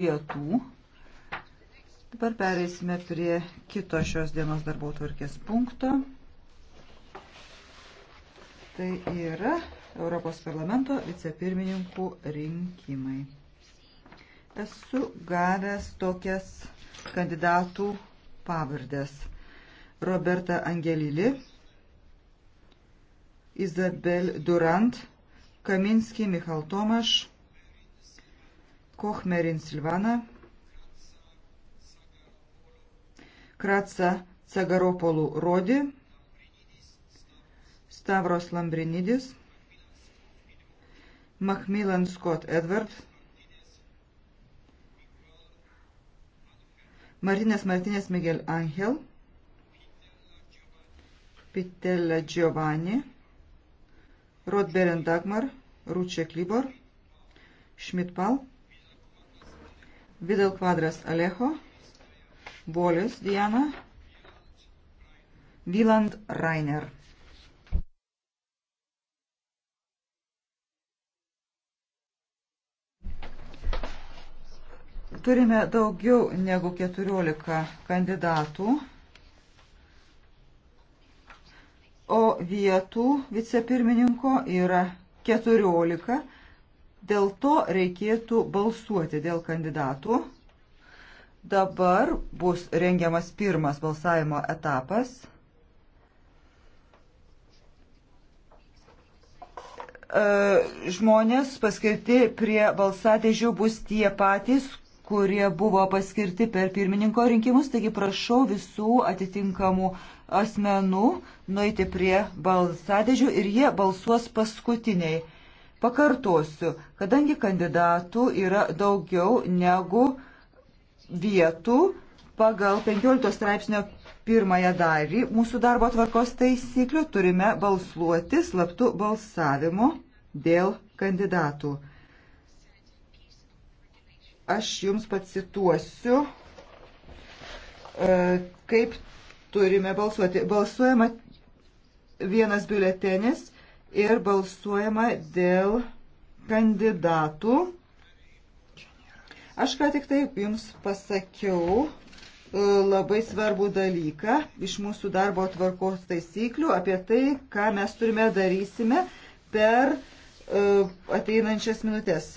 pietų. Dabar pereisime prie kito šios dienos darbo tvarkės punkto. Tai yra Europos parlamento vicepirmininkų rinkimai. Esu gavęs tokias kandidatų pavardės. Roberta Angelili, Izabel Durant, Kaminski Michal Tomaš, Kochmerin Silvana, Kratsa Cagaropolų Rodi, Stavros Lambrinidis, Macmillan Scott Edward, Marinės Martinės Miguel Angel, Pitella Giovanni, Rodberen Dagmar, Ručė Klibor, Šmitpal, Vidal Kvadras Alejo, Bolis Diana, Vyland Rainer. Turime daugiau negu 14 kandidatų, o vietų vicepirmininko yra 14. Dėl to reikėtų balsuoti dėl kandidatų. Dabar bus rengiamas pirmas balsavimo etapas. E, žmonės paskirti prie balsadėžių bus tie patys, kurie buvo paskirti per pirmininko rinkimus, taigi prašau visų atitinkamų asmenų nueiti prie balsadėžių ir jie balsuos paskutiniai. Pakartosiu, kadangi kandidatų yra daugiau negu vietų pagal 15 straipsnio pirmąją dalį mūsų darbo tvarkos taisyklių turime balsuoti slaptų balsavimu dėl kandidatų. Aš jums pacituosiu, e, kaip turime balsuoti. Balsuojama vienas biuletenis ir balsuojama dėl kandidatų. Aš ką tik taip jums pasakiau e, labai svarbų dalyką iš mūsų darbo tvarkos taisyklių apie tai, ką mes turime darysime per e, ateinančias minutės.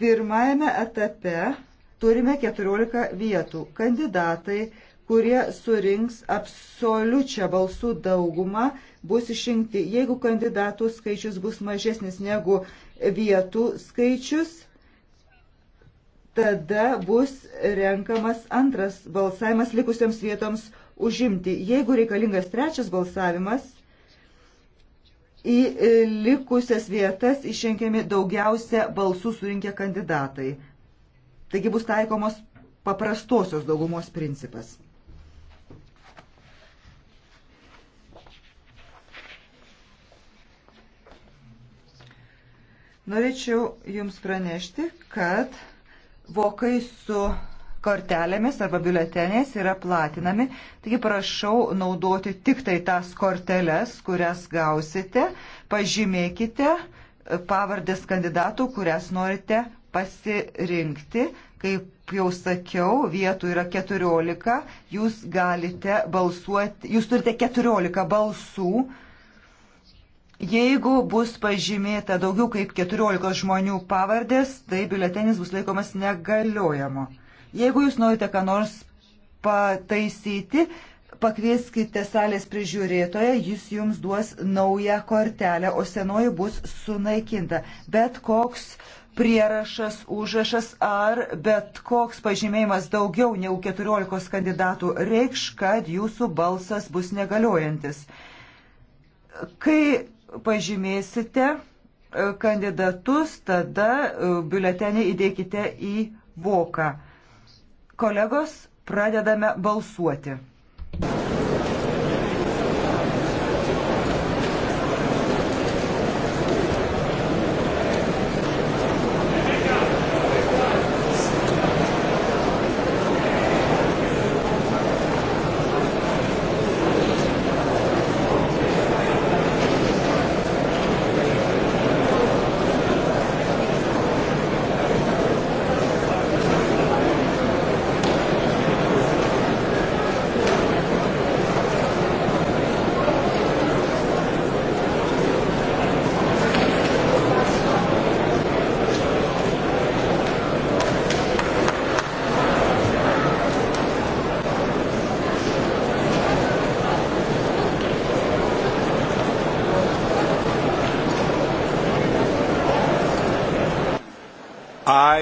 Pirmajame etape turime 14 vietų. Kandidatai, kurie surinks absoliučią balsų daugumą, bus išrinkti. Jeigu kandidatų skaičius bus mažesnis negu vietų skaičius, tada bus renkamas antras balsavimas likusiams vietoms užimti. Jeigu reikalingas trečias balsavimas, į likusias vietas išrenkiami daugiausia balsų surinkę kandidatai. Taigi bus taikomos paprastosios daugumos principas. Norėčiau Jums pranešti, kad vokai su kortelėmis arba biuletenės yra platinami, taigi prašau naudoti tik tai tas korteles, kurias gausite, pažymėkite pavardės kandidatų, kurias norite pasirinkti. Kaip jau sakiau, vietų yra 14, jūs galite balsuoti, jūs turite 14 balsų Jeigu bus pažymėta daugiau kaip 14 žmonių pavardės, tai biuletenis bus laikomas negaliojamo. Jeigu jūs norite ką nors pataisyti, pakvieskite salės prižiūrėtoją, jis jums duos naują kortelę, o senoji bus sunaikinta. Bet koks prierašas, užrašas ar bet koks pažymėjimas daugiau negu 14 kandidatų reikš, kad jūsų balsas bus negaliojantis. Kai pažymėsite e, kandidatus, tada e, biuletenį įdėkite į voką. Kolegos, pradedame balsuoti.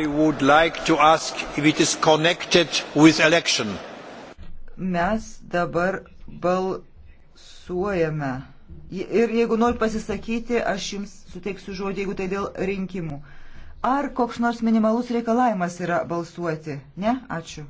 I would like to ask if it is connected with election. Mes dabar balsuojame. Ir jeigu norit pasisakyti, aš jums suteiksiu žodį, jeigu tai dėl rinkimų. Ar koks nors minimalus reikalavimas yra balsuoti? Ne? Ačiū.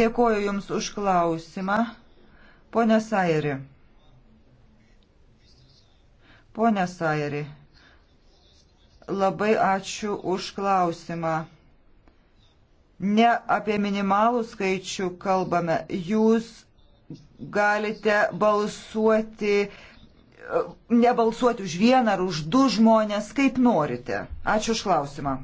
Dėkoju Jums už klausimą, ponė Sairi. Pone Sairi, labai ačiū už klausimą. Ne apie minimalų skaičių kalbame. Jūs galite balsuoti, nebalsuoti už vieną ar už du žmonės, kaip norite. Ačiū už klausimą.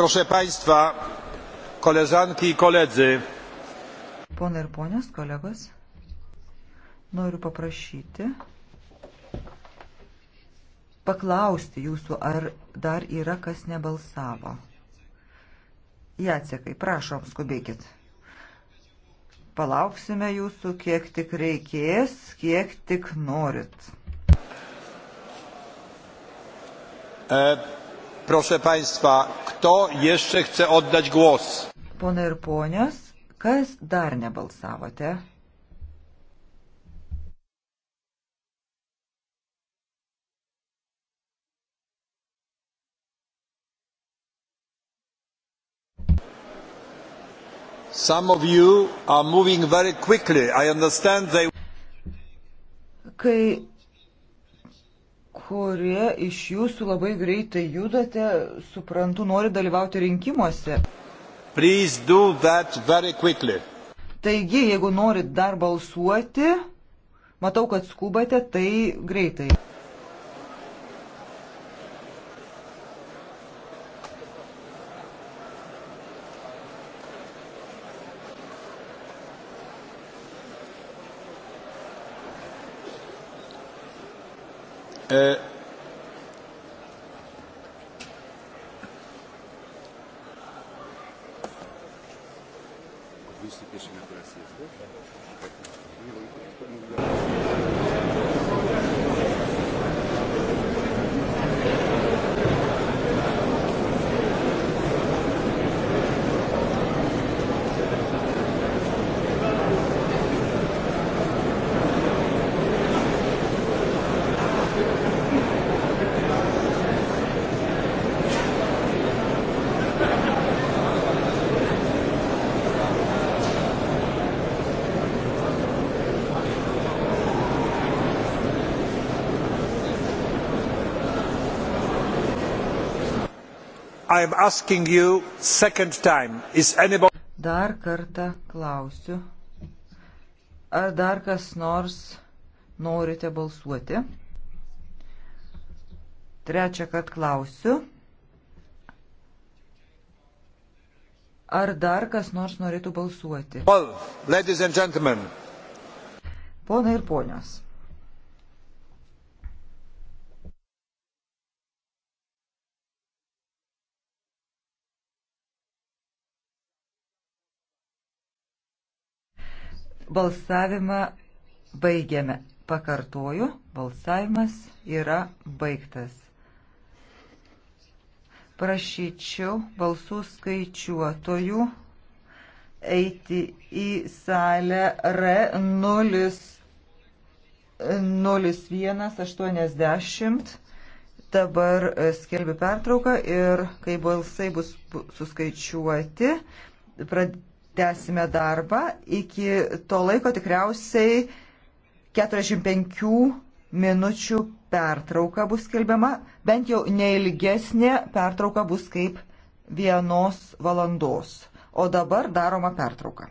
Proszę Państwa, koleżanki i koledzy. Pone ir ponios, kolegos, noriu paprašyti, paklausti jūsų, ar dar yra kas nebalsavo. Jacekai, prašom, skubėkit. Palauksime jūsų, kiek tik reikės, kiek tik norit. E Proszę Państwa, kto jeszcze chce oddać głos? Pone ir ponios, kas dar nebalsavote? Some of you are moving very quickly. I understand they... Kai kurie iš jūsų labai greitai judate, suprantu, nori dalyvauti rinkimuose. Taigi, jeigu norit dar balsuoti, matau, kad skubate, tai greitai. Uh, Anybody... Dar kartą klausiu, ar dar kas nors norite balsuoti? Trečią kartą klausiu, ar dar kas nors norėtų balsuoti? Well, Ponai ir ponios. Balsavimą baigiame. Pakartoju, balsavimas yra baigtas. Prašyčiau balsų skaičiuotojų eiti į salę R0180. Dabar e, skelbiu pertrauką ir kai balsai bus suskaičiuoti, pradėsime tęsime darbą. Iki to laiko tikriausiai 45 minučių pertrauka bus skelbiama, bent jau neilgesnė pertrauka bus kaip vienos valandos. O dabar daroma pertrauka.